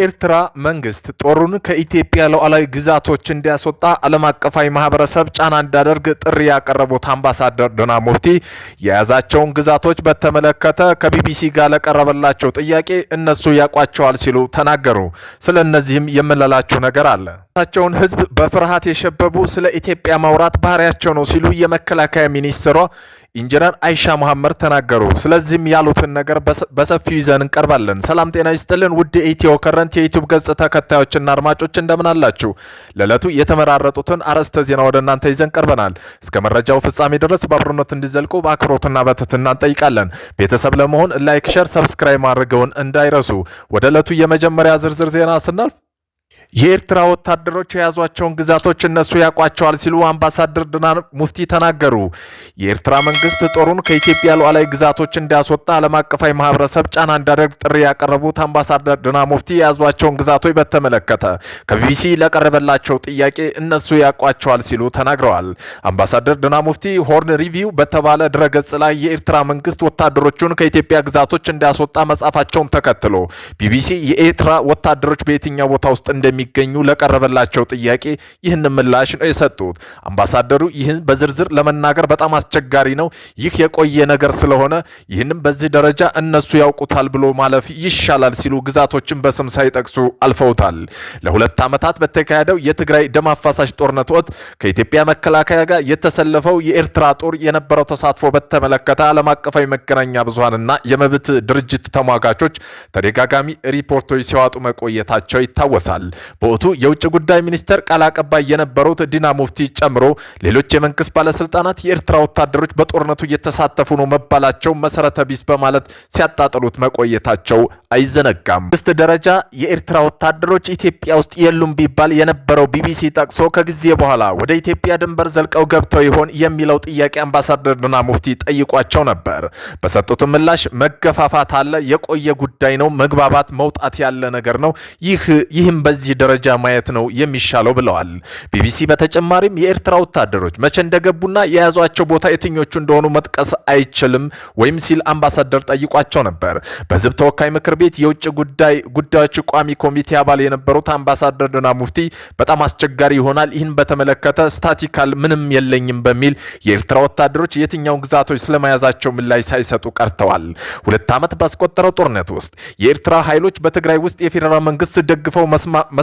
የኤርትራ መንግስት ጦሩን ከኢትዮጵያ ሉዓላዊ ግዛቶች እንዲያስወጣ ዓለም አቀፋዊ ማህበረሰብ ጫና እንዳደርግ ጥሪ ያቀረቡት አምባሳደር ዶና ሙፍቲ የያዛቸውን ግዛቶች በተመለከተ ከቢቢሲ ጋር ለቀረበላቸው ጥያቄ እነሱ ያውቋቸዋል ሲሉ ተናገሩ። ስለ እነዚህም የምንላችሁ ነገር አለ። ራሳቸውን ህዝብ በፍርሃት የሸበቡ ስለ ኢትዮጵያ ማውራት ባህሪያቸው ነው ሲሉ የመከላከያ ሚኒስትሯ ኢንጂነር አይሻ መሐመድ ተናገሩ። ስለዚህም ያሉትን ነገር በሰፊው ይዘን እንቀርባለን። ሰላም ጤና ይስጥልን ውድ ኢትዮ ከረንት የዩቱብ ገጽ ተከታዮችና አድማጮች እንደምን አላችሁ? ለዕለቱ የተመራረጡትን አርዕስተ ዜና ወደ እናንተ ይዘን ቀርበናል። እስከ መረጃው ፍጻሜ ድረስ በአብሮነት እንዲዘልቁ በአክብሮትና በትህትና እንጠይቃለን። ቤተሰብ ለመሆን ላይክ፣ ሸር፣ ሰብስክራይብ ማድረገውን እንዳይረሱ። ወደ ዕለቱ የመጀመሪያ ዝርዝር ዜና ስናልፍ የኤርትራ ወታደሮች የያዟቸውን ግዛቶች እነሱ ያውቋቸዋል ሲሉ አምባሳደር ድና ሙፍቲ ተናገሩ። የኤርትራ መንግስት ጦሩን ከኢትዮጵያ ሉዓላዊ ግዛቶች እንዲያስወጣ ዓለም አቀፋዊ ማህበረሰብ ጫና እንዲያደርግ ጥሪ ያቀረቡት አምባሳደር ዲናር ሙፍቲ የያዟቸውን ግዛቶች በተመለከተ ከቢቢሲ ለቀረበላቸው ጥያቄ እነሱ ያውቋቸዋል ሲሉ ተናግረዋል። አምባሳደር ዲናር ሙፍቲ ሆርን ሪቪው በተባለ ድረገጽ ላይ የኤርትራ መንግስት ወታደሮቹን ከኢትዮጵያ ግዛቶች እንዲያስወጣ መጻፋቸውን ተከትሎ ቢቢሲ የኤርትራ ወታደሮች በየትኛው ቦታ ውስጥ እንደሚ እንደሚገኙ ለቀረበላቸው ጥያቄ ይህን ምላሽ ነው የሰጡት። አምባሳደሩ ይህን በዝርዝር ለመናገር በጣም አስቸጋሪ ነው፣ ይህ የቆየ ነገር ስለሆነ ይህንም በዚህ ደረጃ እነሱ ያውቁታል ብሎ ማለፍ ይሻላል ሲሉ ግዛቶችን በስም ሳይጠቅሱ አልፈውታል። ለሁለት ዓመታት በተካሄደው የትግራይ ደም አፋሳሽ ጦርነት ወቅት ከኢትዮጵያ መከላከያ ጋር የተሰለፈው የኤርትራ ጦር የነበረው ተሳትፎ በተመለከተ ዓለም አቀፋዊ መገናኛ ብዙሃንና የመብት ድርጅት ተሟጋቾች ተደጋጋሚ ሪፖርቶች ሲያወጡ መቆየታቸው ይታወሳል። በወቅቱ የውጭ ጉዳይ ሚኒስቴር ቃል አቀባይ የነበሩት ዲና ሙፍቲ ጨምሮ ሌሎች የመንግስት ባለስልጣናት የኤርትራ ወታደሮች በጦርነቱ እየተሳተፉ ነው መባላቸው መሰረተ ቢስ በማለት ሲያጣጥሉት መቆየታቸው አይዘነጋም። ስት ደረጃ የኤርትራ ወታደሮች ኢትዮጵያ ውስጥ የሉም ቢባል የነበረው ቢቢሲ ጠቅሶ ከጊዜ በኋላ ወደ ኢትዮጵያ ድንበር ዘልቀው ገብተው ይሆን የሚለው ጥያቄ አምባሳደር ዲና ሙፍቲ ጠይቋቸው ነበር። በሰጡት ምላሽ መገፋፋት አለ፣ የቆየ ጉዳይ ነው፣ መግባባት መውጣት ያለ ነገር ነው። ይህ ይህም በዚህ ደረጃ ማየት ነው የሚሻለው ብለዋል። ቢቢሲ በተጨማሪም የኤርትራ ወታደሮች መቼ እንደገቡና የያዟቸው ቦታ የትኞቹ እንደሆኑ መጥቀስ አይችልም ወይም ሲል አምባሳደር ጠይቋቸው ነበር። በህዝብ ተወካይ ምክር ቤት የውጭ ጉዳይ ጉዳዮች ቋሚ ኮሚቴ አባል የነበሩት አምባሳደር ዲና ሙፍቲ በጣም አስቸጋሪ ይሆናል፣ ይህን በተመለከተ ስታቲካል ምንም የለኝም በሚል የኤርትራ ወታደሮች የትኛውን ግዛቶች ስለመያዛቸው ምላሽ ሳይሰጡ ቀርተዋል። ሁለት ዓመት ባስቆጠረው ጦርነት ውስጥ የኤርትራ ኃይሎች በትግራይ ውስጥ የፌዴራል መንግስት ደግፈው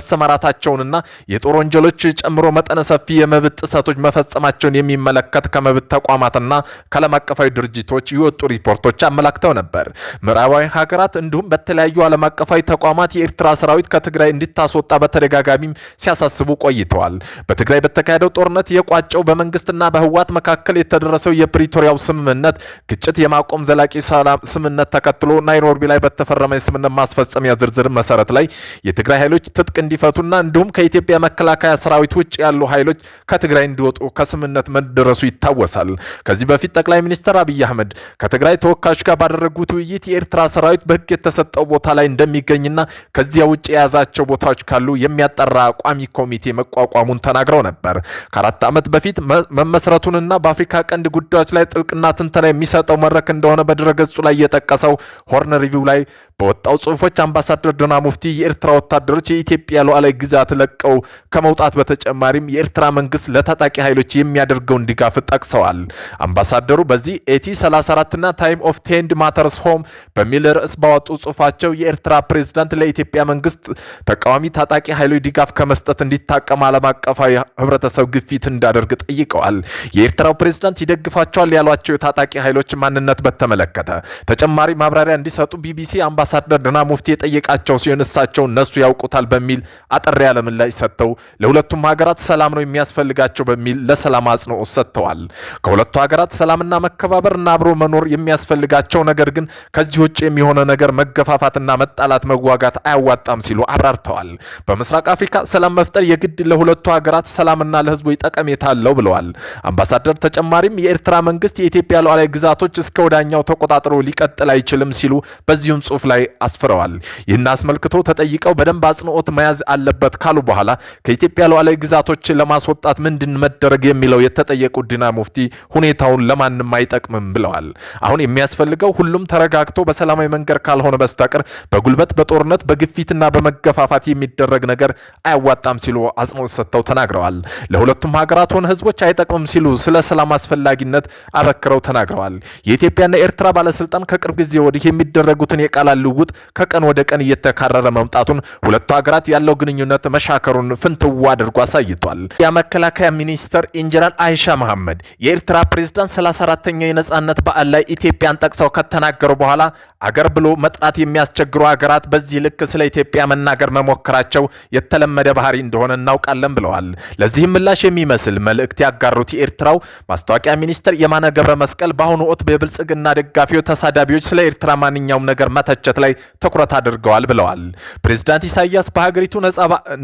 መሰማራታቸውንና የጦር ወንጀሎች ጨምሮ መጠነ ሰፊ የመብት ጥሰቶች መፈጸማቸውን የሚመለከት ከመብት ተቋማትና ከዓለም አቀፋዊ ድርጅቶች የወጡ ሪፖርቶች አመላክተው ነበር። ምዕራባዊ ሀገራት እንዲሁም በተለያዩ ዓለም አቀፋዊ ተቋማት የኤርትራ ሰራዊት ከትግራይ እንዲታስወጣ በተደጋጋሚም ሲያሳስቡ ቆይተዋል። በትግራይ በተካሄደው ጦርነት የቋጨው በመንግስትና በህወሓት መካከል የተደረሰው የፕሪቶሪያው ስምምነት ግጭት የማቆም ዘላቂ ሰላም ስምምነት ተከትሎ ናይሮቢ ላይ በተፈረመ የስምምነት ማስፈጸሚያ ዝርዝር መሰረት ላይ የትግራይ ኃይሎች ትጥቅ እንዲ እንዲፈቱና እንዲሁም ከኢትዮጵያ መከላከያ ሰራዊት ውጭ ያሉ ኃይሎች ከትግራይ እንዲወጡ ከስምነት መደረሱ ይታወሳል። ከዚህ በፊት ጠቅላይ ሚኒስትር አብይ አህመድ ከትግራይ ተወካዮች ጋር ባደረጉት ውይይት የኤርትራ ሰራዊት በህግ የተሰጠው ቦታ ላይ እንደሚገኝና ከዚያ ውጭ የያዛቸው ቦታዎች ካሉ የሚያጠራ ቋሚ ኮሚቴ መቋቋሙን ተናግረው ነበር። ከአራት ዓመት በፊት መመስረቱንና በአፍሪካ ቀንድ ጉዳዮች ላይ ጥልቅና ትንተና የሚሰጠው መድረክ እንደሆነ በድረገጹ ላይ የጠቀሰው ሆርን ሪቪው ላይ በወጣው ጽሁፎች አምባሳደር ዲና ሙፍቲ የኤርትራ ወታደሮች የኢትዮጵያ ሉዓላዊ ግዛት ለቀው ከመውጣት በተጨማሪም የኤርትራ መንግስት ለታጣቂ ኃይሎች የሚያደርገውን ድጋፍ ጠቅሰዋል። አምባሳደሩ በዚህ ኤቲ 34 ና ታይም ኦፍ ቴንድ ማተርስ ሆም በሚል ርዕስ ባወጡ ጽሁፋቸው የኤርትራ ፕሬዝዳንት ለኢትዮጵያ መንግስት ተቃዋሚ ታጣቂ ኃይሎች ድጋፍ ከመስጠት እንዲታቀም ዓለም አቀፋዊ ህብረተሰብ ግፊት እንዳደርግ ጠይቀዋል። የኤርትራው ፕሬዝዳንት ይደግፋቸዋል ያሏቸው የታጣቂ ኃይሎች ማንነት በተመለከተ ተጨማሪ ማብራሪያ እንዲሰጡ ቢቢሲ አምባ አምባሳደር ደና ሙፍቲ የጠየቃቸው ሲሆን እሳቸው እነሱ ያውቁታል በሚል አጠር ያለ ምላሽ ሰጥተው ለሁለቱም ሀገራት ሰላም ነው የሚያስፈልጋቸው በሚል ለሰላም አጽንኦት ሰጥተዋል። ከሁለቱ ሀገራት ሰላምና መከባበርና አብሮ መኖር የሚያስፈልጋቸው ነገር ግን ከዚህ ውጭ የሚሆነ ነገር መገፋፋትና መጣላት፣ መዋጋት አያዋጣም ሲሉ አብራርተዋል። በምስራቅ አፍሪካ ሰላም መፍጠር የግድ ለሁለቱ ሀገራት ሰላምና ለህዝቡ ጠቀሜታ አለው ብለዋል። አምባሳደር ተጨማሪም የኤርትራ መንግስት የኢትዮጵያ ሉዓላዊ ግዛቶች እስከ ወዳኛው ተቆጣጥሮ ሊቀጥል አይችልም ሲሉ በዚሁም ጽሁፍ ላይ ጉዳይ አስፍረዋል። ይህን አስመልክቶ ተጠይቀው በደንብ አጽንኦት መያዝ አለበት ካሉ በኋላ ከኢትዮጵያ ሉዓላዊ ግዛቶች ለማስወጣት ምንድን መደረግ የሚለው የተጠየቁ ዲና ሙፍቲ ሁኔታውን ለማንም አይጠቅምም ብለዋል። አሁን የሚያስፈልገው ሁሉም ተረጋግቶ በሰላማዊ መንገድ ካልሆነ በስተቀር በጉልበት በጦርነት በግፊትና በመገፋፋት የሚደረግ ነገር አያዋጣም ሲሉ አጽንኦት ሰጥተው ተናግረዋል። ለሁለቱም ሀገራት ሆነ ህዝቦች አይጠቅምም ሲሉ ስለ ሰላም አስፈላጊነት አበክረው ተናግረዋል። የኢትዮጵያና ኤርትራ ባለስልጣን ከቅርብ ጊዜ ወዲህ የሚደረጉትን የቃላሉ ልውውጥ ከቀን ወደ ቀን እየተካረረ መምጣቱን ሁለቱ ሀገራት ያለው ግንኙነት መሻከሩን ፍንትዋ አድርጎ አሳይቷል። የመከላከያ ሚኒስትር ኢንጂነር አይሻ መሐመድ የኤርትራ ፕሬዝዳንት 34ተኛው የነጻነት በዓል ላይ ኢትዮጵያን ጠቅሰው ከተናገሩ በኋላ አገር ብሎ መጥራት የሚያስቸግሩ ሀገራት በዚህ ልክ ስለ ኢትዮጵያ መናገር መሞከራቸው የተለመደ ባህሪ እንደሆነ እናውቃለን ብለዋል። ለዚህም ምላሽ የሚመስል መልእክት ያጋሩት የኤርትራው ማስታወቂያ ሚኒስትር የማነ ገብረ መስቀል በአሁኑ ወቅት በብልጽግና ደጋፊው ተሳዳቢዎች ስለ ኤርትራ ማንኛውም ነገር መተቸት ስምምነት ላይ ትኩረት አድርገዋል ብለዋል። ፕሬዚዳንት ኢሳያስ በሀገሪቱ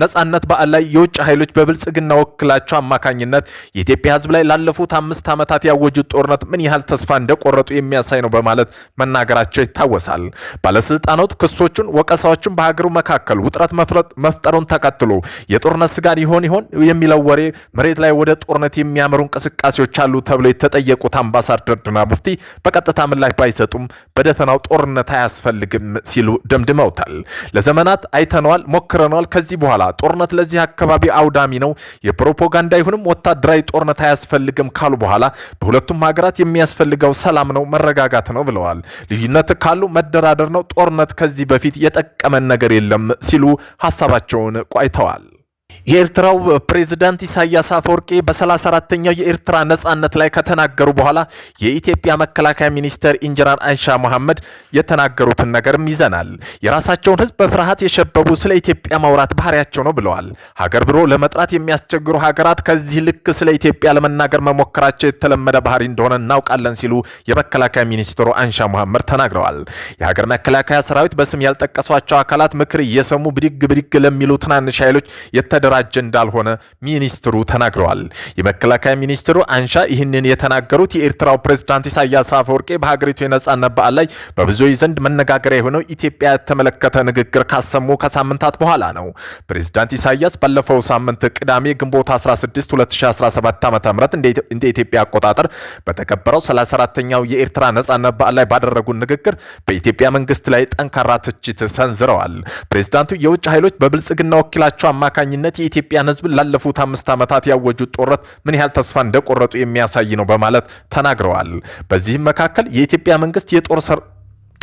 ነጻነት በዓል ላይ የውጭ ኃይሎች በብልጽግና ወክላቸው አማካኝነት የኢትዮጵያ ሕዝብ ላይ ላለፉት አምስት ዓመታት ያወጁት ጦርነት ምን ያህል ተስፋ እንደቆረጡ የሚያሳይ ነው በማለት መናገራቸው ይታወሳል። ባለስልጣናቱ ክሶቹን፣ ወቀሳዎችን በሀገሩ መካከል ውጥረት መፍጠሩን ተከትሎ የጦርነት ስጋት ይሆን ይሆን የሚለው ወሬ መሬት ላይ ወደ ጦርነት የሚያመሩ እንቅስቃሴዎች አሉ ተብሎ የተጠየቁት አምባሳደር ድና ሙፍቲ በቀጥታ ምላሽ ባይሰጡም በደፈናው ጦርነት አያስፈልግም ሲሉ ደምድመውታል። ለዘመናት አይተነዋል፣ ሞክረነዋል። ከዚህ በኋላ ጦርነት ለዚህ አካባቢ አውዳሚ ነው። የፕሮፓጋንዳ ይሁንም ወታደራዊ ጦርነት አያስፈልግም ካሉ በኋላ በሁለቱም ሀገራት የሚያስፈልገው ሰላም ነው፣ መረጋጋት ነው ብለዋል። ልዩነት ካሉ መደራደር ነው። ጦርነት ከዚህ በፊት የጠቀመን ነገር የለም ሲሉ ሀሳባቸውን ቋይተዋል። የኤርትራው ፕሬዝዳንት ኢሳያስ አፈወርቂ በሰላሳ አራተኛው የኤርትራ ነጻነት ላይ ከተናገሩ በኋላ የኢትዮጵያ መከላከያ ሚኒስተር ኢንጂነር አይሻ መሐመድ የተናገሩትን ነገርም ይዘናል። የራሳቸውን ሕዝብ በፍርሃት የሸበቡ ስለ ኢትዮጵያ ማውራት ባህሪያቸው ነው ብለዋል። ሀገር ብሎ ለመጥራት የሚያስቸግሩ ሀገራት ከዚህ ልክ ስለ ኢትዮጵያ ለመናገር መሞከራቸው የተለመደ ባህሪ እንደሆነ እናውቃለን ሲሉ የመከላከያ ሚኒስትሩ አይሻ መሐመድ ተናግረዋል። የሀገር መከላከያ ሰራዊት በስም ያልጠቀሷቸው አካላት ምክር እየሰሙ ብድግ ብድግ ለሚሉ ትናንሽ ኃይሎች የተደራጀ እንዳልሆነ ሚኒስትሩ ተናግረዋል። የመከላከያ ሚኒስትሩ አንሻ ይህንን የተናገሩት የኤርትራው ፕሬዝዳንት ኢሳያስ አፈወርቄ በሀገሪቱ የነጻነት በዓል ላይ በብዙዎች ዘንድ መነጋገሪያ የሆነው ኢትዮጵያ የተመለከተ ንግግር ካሰሙ ከሳምንታት በኋላ ነው። ፕሬዝዳንት ኢሳያስ ባለፈው ሳምንት ቅዳሜ ግንቦት 16 2017 ም እንደ ኢትዮጵያ አቆጣጠር በተከበረው 34ተኛው የኤርትራ ነጻነት በዓል ላይ ባደረጉት ንግግር በኢትዮጵያ መንግስት ላይ ጠንካራ ትችት ሰንዝረዋል። ፕሬዝዳንቱ የውጭ ኃይሎች በብልጽግና ወኪላቸው አማካኝነት በቀጣይነት የኢትዮጵያን ህዝብ ላለፉት አምስት ዓመታት ያወጁት ጦርነት ምን ያህል ተስፋ እንደቆረጡ የሚያሳይ ነው በማለት ተናግረዋል። በዚህም መካከል የኢትዮጵያ መንግስት የጦር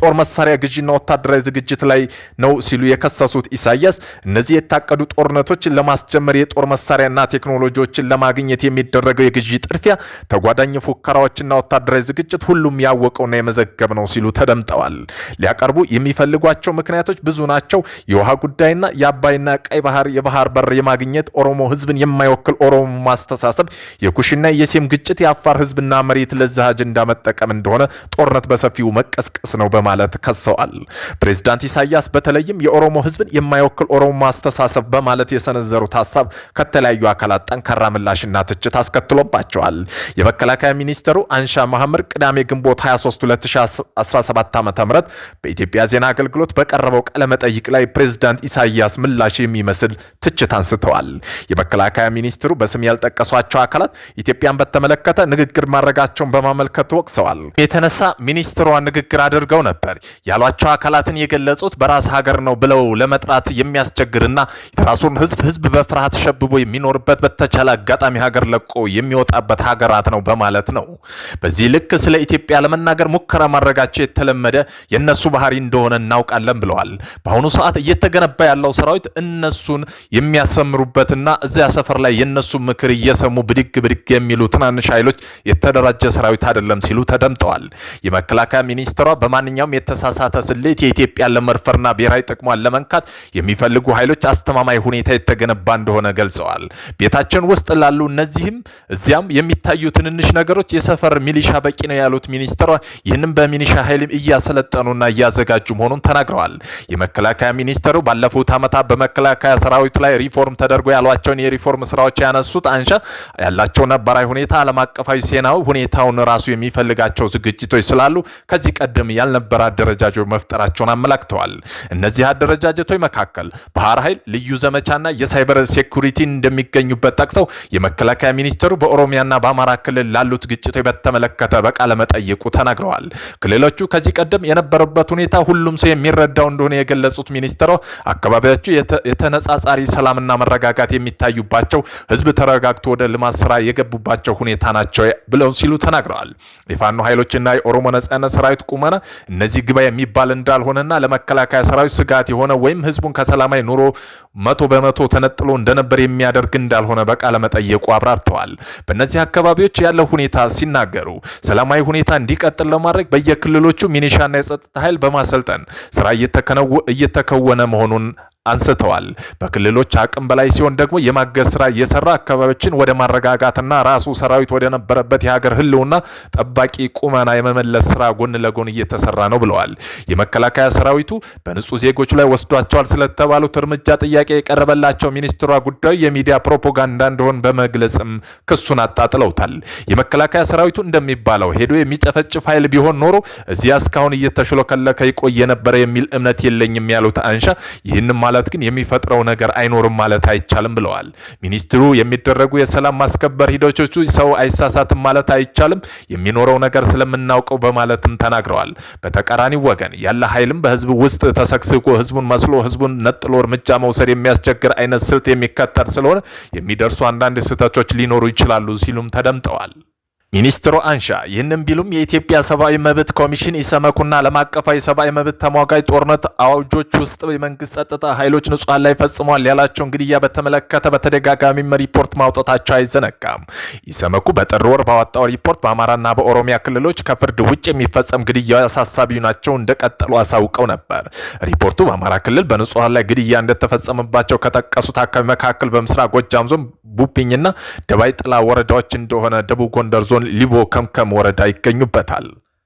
ጦር መሳሪያ ግዢና ወታደራዊ ዝግጅት ላይ ነው ሲሉ የከሰሱት ኢሳያስ እነዚህ የታቀዱ ጦርነቶችን ለማስጀመር የጦር መሳሪያና ቴክኖሎጂዎችን ለማግኘት የሚደረገው የግዢ ጥድፊያ፣ ተጓዳኝ ፉከራዎችና ወታደራዊ ዝግጅት ሁሉም ያወቀውና የመዘገብ ነው ሲሉ ተደምጠዋል። ሊያቀርቡ የሚፈልጓቸው ምክንያቶች ብዙ ናቸው። የውሃ ጉዳይና የአባይና ቀይ ባህር የባህር በር የማግኘት ኦሮሞ ህዝብን የማይወክል ኦሮሞ ማስተሳሰብ፣ የኩሽና የሴም ግጭት፣ የአፋር ህዝብና መሬት ለዚህ አጀንዳ መጠቀም እንደሆነ ጦርነት በሰፊው መቀስቀስ ነው በማለት በማለት ከሰዋል። ፕሬዚዳንት ኢሳያስ በተለይም የኦሮሞ ህዝብን የማይወክል ኦሮሞ አስተሳሰብ በማለት የሰነዘሩት ሀሳብ ከተለያዩ አካላት ጠንካራ ምላሽና ትችት አስከትሎባቸዋል። የመከላከያ ሚኒስትሩ አንሻ ማህምር ቅዳሜ ግንቦት 23 2017 ዓ ም በኢትዮጵያ ዜና አገልግሎት በቀረበው ቃለመጠይቅ ላይ ፕሬዚዳንት ኢሳያስ ምላሽ የሚመስል ትችት አንስተዋል። የመከላከያ ሚኒስትሩ በስም ያልጠቀሷቸው አካላት ኢትዮጵያን በተመለከተ ንግግር ማድረጋቸውን በማመልከት ወቅሰዋል። የተነሳ ሚኒስትሯ ንግግር አድርገው ነበር ነበር ያሏቸው አካላትን የገለጹት በራስ ሀገር ነው ብለው ለመጥራት የሚያስቸግርና የራሱን ህዝብ ህዝብ በፍርሃት ሸብቦ የሚኖርበት በተቻለ አጋጣሚ ሀገር ለቆ የሚወጣበት ሀገራት ነው በማለት ነው። በዚህ ልክ ስለ ኢትዮጵያ ለመናገር ሙከራ ማድረጋቸው የተለመደ የእነሱ ባህሪ እንደሆነ እናውቃለን ብለዋል። በአሁኑ ሰዓት እየተገነባ ያለው ሰራዊት እነሱን የሚያሰምሩበትና እዚያ ሰፈር ላይ የእነሱ ምክር እየሰሙ ብድግ ብድግ የሚሉ ትናንሽ ኃይሎች የተደራጀ ሰራዊት አይደለም ሲሉ ተደምጠዋል። የመከላከያ ሚኒስትሯ በማንኛውም በማንኛውም የተሳሳተ ስሌት የኢትዮጵያን ለመድፈርና ብሔራዊ ጥቅሟን ለመንካት የሚፈልጉ ኃይሎች አስተማማኝ ሁኔታ የተገነባ እንደሆነ ገልጸዋል። ቤታችን ውስጥ ላሉ እነዚህም እዚያም የሚታዩ ትንንሽ ነገሮች የሰፈር ሚሊሻ በቂ ነው ያሉት ሚኒስትሯ ይህንም በሚሊሻ ኃይልም እያሰለጠኑና እያዘጋጁ መሆኑን ተናግረዋል። የመከላከያ ሚኒስትሩ ባለፉት ዓመታት በመከላከያ ሰራዊት ላይ ሪፎርም ተደርጎ ያሏቸውን የሪፎርም ስራዎች ያነሱት አንሻ ያላቸው ነባራዊ ሁኔታ ዓለም አቀፋዊ ሴናው ሁኔታውን ራሱ የሚፈልጋቸው ዝግጅቶች ስላሉ ከዚህ ቀደም ያልነበ የነበረ አደረጃጀት መፍጠራቸውን አመላክተዋል። እነዚህ አደረጃጀቶች መካከል ባህር ኃይል፣ ልዩ ዘመቻና የሳይበር ሴኩሪቲ እንደሚገኙበት ጠቅሰው የመከላከያ ሚኒስትሩ በኦሮሚያና በአማራ ክልል ላሉት ግጭቶች በተመለከተ በቃለ መጠይቁ ተናግረዋል። ክልሎቹ ከዚህ ቀደም የነበረበት ሁኔታ ሁሉም ሰው የሚረዳው እንደሆነ የገለጹት ሚኒስትሩ አካባቢዎቹ የተነጻጻሪ ሰላምና መረጋጋት የሚታዩባቸው ህዝብ ተረጋግቶ ወደ ልማት ስራ የገቡባቸው ሁኔታ ናቸው ብለው ሲሉ ተናግረዋል። የፋኖ ኃይሎችና የኦሮሞ ነጻነት ሰራዊት ቁመና እነዚህ ግባ የሚባል እንዳልሆነና ለመከላከያ ሰራዊት ስጋት የሆነ ወይም ህዝቡን ከሰላማዊ ኑሮ መቶ በመቶ ተነጥሎ እንደነበር የሚያደርግ እንዳልሆነ በቃለ መጠየቁ አብራርተዋል። በእነዚህ አካባቢዎች ያለው ሁኔታ ሲናገሩ ሰላማዊ ሁኔታ እንዲቀጥል ለማድረግ በየክልሎቹ ሚኒሻና የጸጥታ ኃይል በማሰልጠን ስራ እየተከወነ መሆኑን አንስተዋል። በክልሎች አቅም በላይ ሲሆን ደግሞ የማገዝ ስራ እየሰራ አካባቢዎችን ወደ ማረጋጋትና ራሱ ሰራዊት ወደነበረበት የሀገር ህልውና ጠባቂ ቁመና የመመለስ ስራ ጎን ለጎን እየተሰራ ነው ብለዋል። የመከላከያ ሰራዊቱ በንጹህ ዜጎች ላይ ወስዷቸዋል ስለተባሉት እርምጃ ጥያቄ የቀረበላቸው ሚኒስትሯ ጉዳዩ የሚዲያ ፕሮፓጋንዳ እንደሆን በመግለጽም ክሱን አጣጥለውታል። የመከላከያ ሰራዊቱ እንደሚባለው ሄዶ የሚጨፈጭፍ ኃይል ቢሆን ኖሮ እዚያ እስካሁን እየተሽሎከለከ ይቆየ ነበረ የሚል እምነት የለኝም ያሉት አንሻ ይህንም ማለት ማለት ግን የሚፈጥረው ነገር አይኖርም ማለት አይቻልም ብለዋል። ሚኒስትሩ የሚደረጉ የሰላም ማስከበር ሂደቶቹ ሰው አይሳሳትም ማለት አይቻልም የሚኖረው ነገር ስለምናውቀው በማለትም ተናግረዋል። በተቃራኒ ወገን ያለ ኃይልም በህዝብ ውስጥ ተሰግስጎ ህዝቡን መስሎ ህዝቡን ነጥሎ እርምጃ መውሰድ የሚያስቸግር አይነት ስልት የሚከተል ስለሆነ የሚደርሱ አንዳንድ ስህተቶች ሊኖሩ ይችላሉ ሲሉም ተደምጠዋል። ሚኒስትሩ አንሻ ይህንም ቢሉም የኢትዮጵያ ሰብአዊ መብት ኮሚሽን ኢሰመኩና ዓለም አቀፋዊ ሰብአዊ መብት ተሟጋጅ ጦርነት አዋጆች ውስጥ የመንግስት ጸጥታ ኃይሎች ንጹሐን ላይ ፈጽሟል ያላቸውን ግድያ በተመለከተ በተደጋጋሚም ሪፖርት ማውጣታቸው አይዘነጋም። ኢሰመኩ በጥር ወር ባወጣው ሪፖርት በአማራና በኦሮሚያ ክልሎች ከፍርድ ውጭ የሚፈጸም ግድያ አሳሳቢ ናቸው እንደቀጠሉ አሳውቀው ነበር። ሪፖርቱ በአማራ ክልል በንጹሐን ላይ ግድያ እንደተፈጸመባቸው ከጠቀሱት አካባቢ መካከል በምስራቅ ጎጃም ዞን ቡብኝና ደባይ ጥላ ወረዳዎች እንደሆነ ደቡብ ጎንደር ዞን ዞን ሊቦ ከምከም ወረዳ ይገኙበታል።